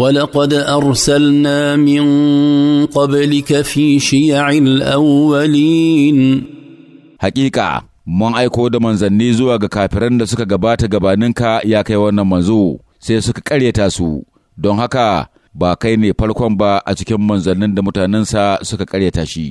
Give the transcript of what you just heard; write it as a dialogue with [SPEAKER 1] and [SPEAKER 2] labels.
[SPEAKER 1] ولقد ارسلنا من قبلك في شيع
[SPEAKER 2] الاولين حقيقه mun aiko da manzanni zuwa ga kafiran da suka gabata gabaninka ya kai wannan manzo sai suka karyata su don haka ba kai ne farkon ba a cikin manzannin da mutanensa suka karyata shi